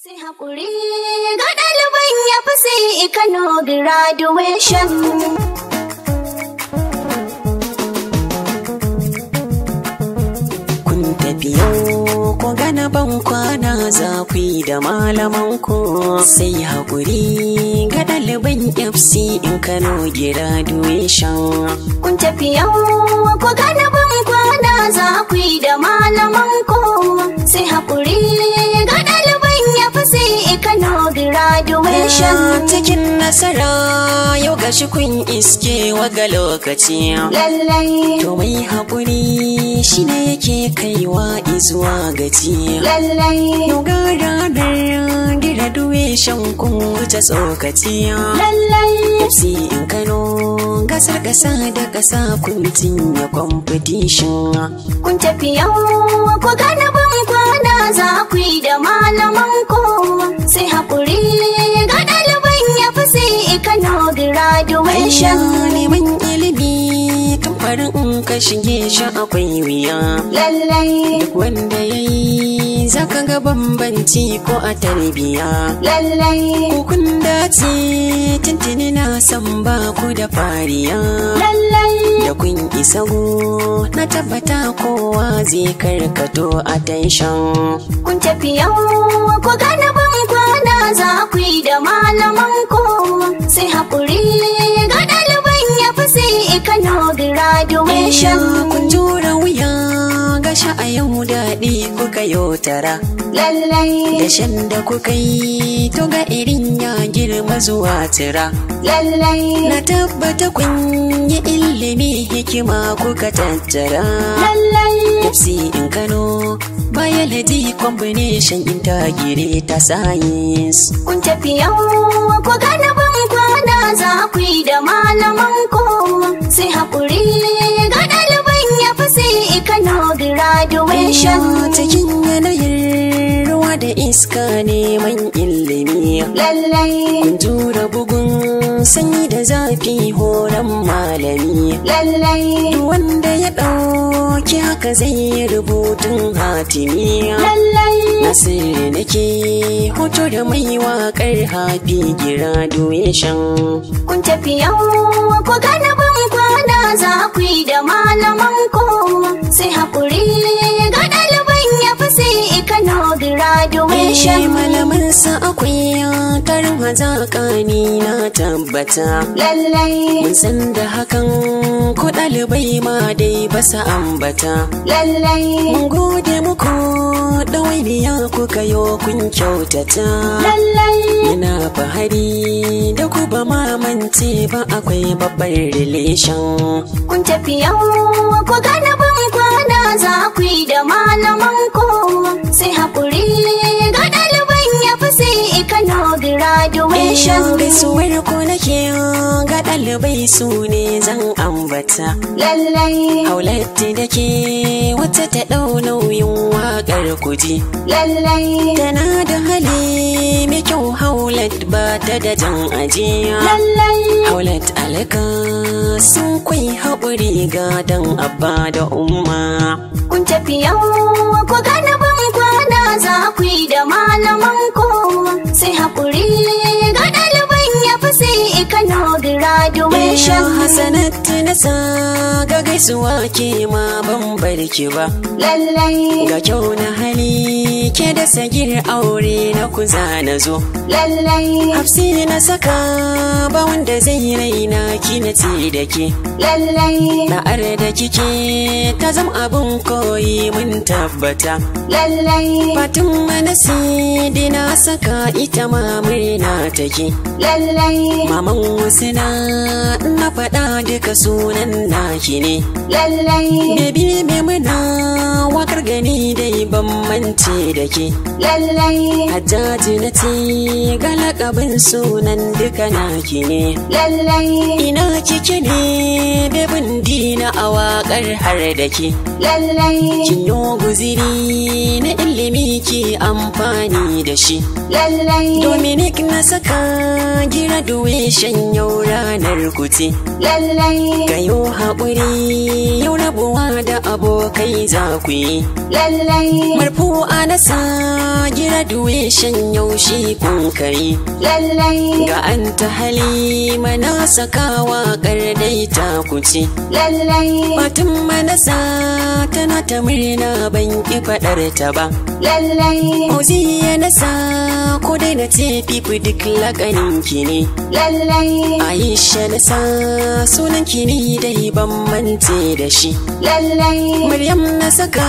Sai haƙuri ga ɗaliban ya fi sai Kano graduation. Kun tafi yau ku gana ban kwana za ku yi da malaman ku. Sai haƙuri ga ɗaliban FC in Kano graduation. Kun tafi yau ku gana ban kwana za ku yi da malaman ku. Sai haƙuri ga ɗaliban Kano graduation cikin nasara yau gashi kun iske waga lokaci lallai to mai haƙuri shi ne yake kaiwa izuwa gaci lallai yau ga ranar graduation kun wuce tsokaci lallai FC in Kano gasar gasa da ƙasa kun cinye competition kun tafi yau ko gana ban kwana za ku yi da malaman ko shan neman ilimi kamfarin in ka shige shi akwai wuya lallai duk wanda ya yi zaka ga bambanci ko a tarbiya lallai hukun dace tuntuni na san ba ku da fariya lallai da kun isa go na tabbata kowa zai karkato a tanshan kun tafiya ku gane ba Na za ku yi da malaman ku sai haƙuri ga ɗaliban ya fi sai Kano graduation. Kun jura wuya gashi a yau daɗi kuka yotara. Lallai. da kuka yi to ga irin ya girma zuwa tira. Lallai. Na tabbata kun yi ilimi hikima kuka tattara. Lallai. Tafsi in Kano. biology combination integrated science kun tafi yawo ku gani ban kwana za ku yi da malaman ku sai hakuri ga ɗaliban ya fi sai ikano graduation cikin yanayin ruwa da iska neman ilimi lallai kun jura bugu sanyi da zafi horon malami lallai wanda ya ɗauki haka zai yi rubutun hatimi lallai nasiri nake hoto da mai waƙar hafi gira duweshan kun tafi yau ku gani ban kwana za ku yi da malaman ku sai haƙuri ga ɗaliban ya fi sai ikano graduation eh, sa akwai kar maza ni na tabbata lallai mun san da hakan ku dalibai ma dai ba sa ambata lallai mun gode muku ɗawainiya ku kayo kun kyautata lallai muna fahari da ku ba ma ba akwai babbar relation kun tafi yau ku gane ban kwana za ku yi da malaman ku sai haƙuri ga ɗalibai graduation gaisuwar ku nake ga ɗalibai su ne zan ambata lallai haulatti da ke wata ta ɗau nauyin waƙar kuji lallai tana da hali mai kyau haulat ba ta da jan ajiya lallai haulat alaka sun kwai haƙuri ga dan abba da umma kun tafi yau ku gani sanar nasa ga gaisuwa ke ma ban barki ba lallai ga kyau na hali ke da sagir aure na kuza na zo lallai hafsi na saka ba wanda zai raina ki na ce da ke lallai na'ar da kike ta zama abun koyi mun tabbata lallai fatin manasi dina saka ita ma murna take lallai maman wasu na na faɗa duka su sunan naki ne lallai baby me muna wakar gani dai ban mance da ke lallai hajjaji na ci galakabin sunan duka naki ne lallai ina kike ne bebin dina a wakar har da ke lallai kin yo guziri na ilimi ki amfani da shi lallai dominic na saka gira duwe shan yau ranar kuti lallai kayo haƙuri yau rabuwa da abokai za ku yi lallai marfu a nasa gira duweshin yaushe kun kai lallai ga an ta Halima na sakawa kardai ta kuci lallai batun manasa tana ta murna ban ki faɗar ta ba lallai ozi ya nasa ko dai na ce fifi duk lakanin ki ne lallai aisha nasa sunan ki ne ni dai ban mance da shi lallai maryam na saka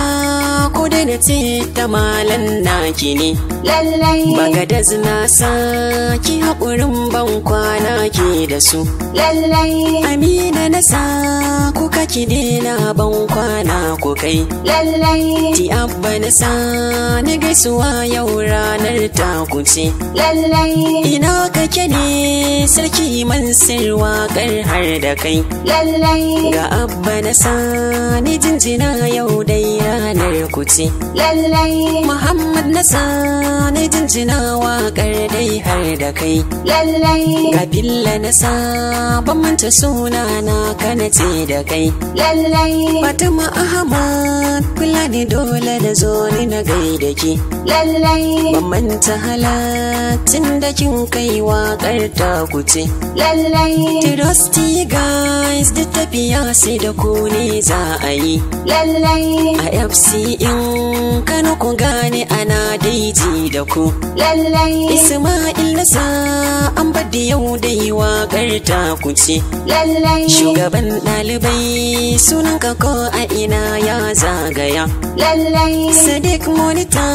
ko da na ce ta malan naki ne lallai bagadaz na ki haƙurin ban kwana ke da su lallai amina na sa ku ki ne na ban kwana ku kai lallai ti abba na sa ni gaisuwa yau ranar ta ku ce lallai ina kake ne sarki man sirwa har da kai lallai ga abba na sani jinjina yau dai ranar kuce lallai muhammad na sani jinjina waƙar dai har da kai lallai ga billa na sabon manta suna na kanace da kai lallai fatima ahmad ne dole da zo ni na gaida ke. lallai ban manta halatin da kin kai waƙar ta kuce lallai Trusty guys Tabbas duk tafiya sai da ku ne za a yi. Lallai. A FC in Kano ku gane ana daiji da ku. Lallai. Isma'il nasa an badi yau dai waƙar ta ku ce. Lallai. Shugaban ɗalibai sunan kako a ina ya zagaya. Lallai. Sadiq Monita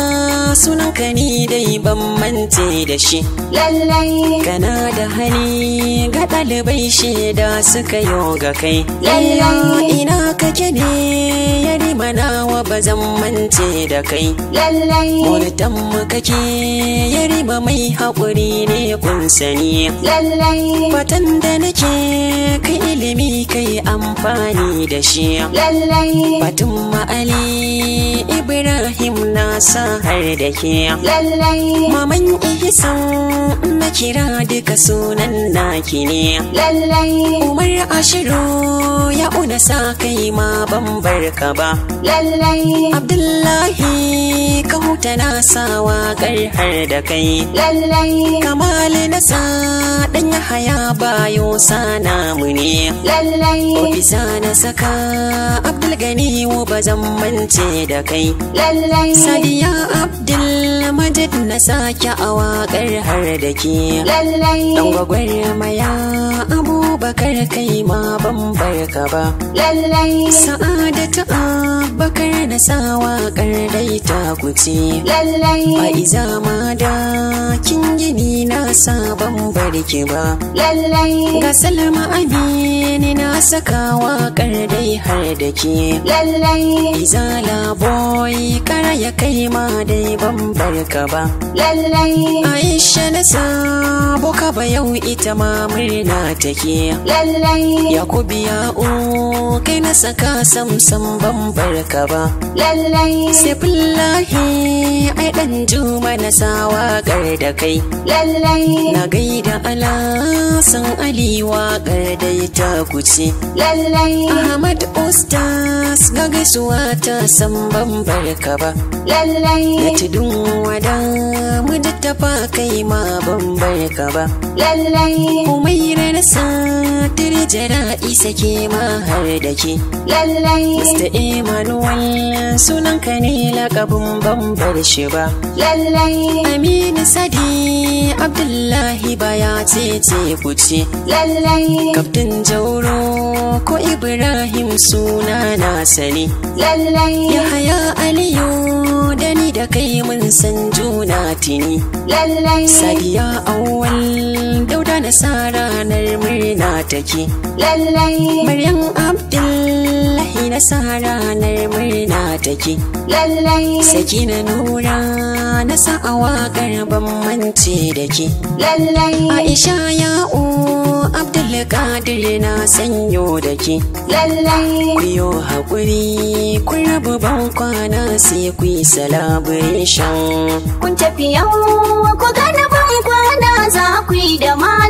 sunan ka ni dai ban mance da shi. Lallai. Kana da hali ga ɗalibai shaida suka yoga. ga kai lallan ina kake ne yari manawa ba zan mance da kai lallai mutan mu kake yari ba mai haƙuri ne kun sani lallan fatan da nake kai ilimi kai amfani da shi lallan fatin ma ali ibrahim na sa har da ke lallai maman ihisan na kira duka sunan naki ne lallai umar ashiru ya una sa kai ma ban barka ba lallai abdullahi ka huta na sawa har da kai lallai kamali nasa sa ɗan yahaya haya bayo sa namu ne lallai bisa na saka abdulgani wa bazan bambance da kai sadiya abdulmajid na sake a waƙar har da ke don gwagwarmaya abubakar kai ma ban barka ba sa'adatu abubakar na sa waƙar dai ta kuce iza ma da kin gini na sa ban barki ba ga salma abi na saka waƙar dai har da ke lallai izala boy kar ya kai ma dai ban barka ba lallai aisha na sabo ka ba yau ita ma murna take lallai ya o kai na saka samsam ban barka ba lallai sai fillahi ai dan juma na sawa kar da kai lallai na gaida ala san ali waƙar dai ta kuce lallai Ahmad Ustaz ga gaisuwa ta san ban ba lallai ya tudun wada mu dattafa kai ma ban ba lallai umaira na satir jara'i ke ma har da ke lallai Mr. Emmanuel sunan ka ne lakabin ban shi ba lallai Aminu Sadi Abdullahi baya ce ce kuce lallai Kaftin Jauro ko Ibrahim suna na sani. Lallai. Yahaya Aliyu da ni da kai mun san juna tini. Lallai. Sadiya Awwal dauda na ranar murna take. Lallai. Maryam Abdul na sa ranar murna take lallai saki na nura na sa a waƙar ban mance da lallai aisha ya Abdul abdulkadir na sanyo da ke lallai kuyo haƙuri ku rabu ban kwana sai ku yi salabin shan kun tafi yau ku gani ban kwana za ku yi da ma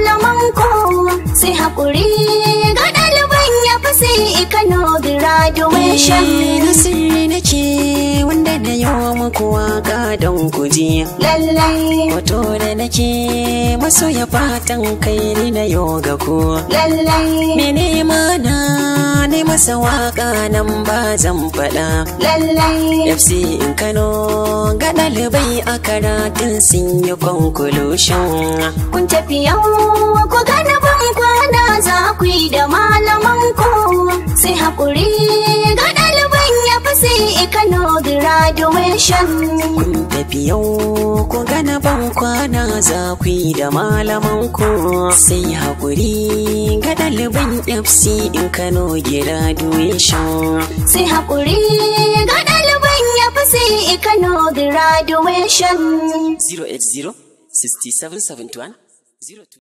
domin shan na sirri nake wanda na yawa muku waka don kuji lallai wato da nake maso ya fatan kai ni na yoga ku lallai me nema na ne masa waka nan ba zan faɗa lallai fc in kano ga ɗalibai a karatun sun yi conclusion kun tafi yau ku amana za ku yi da malamanku sai haƙuri ga ɗaliban ya fi sai Kano graduation. Kun tafi yau ku gana ban kwana za ku yi da malamanku sai haƙuri ga ɗaliban FC in Kano graduation. Sai haƙuri ga ɗaliban ya fi sai Kano graduation. 080 6771 02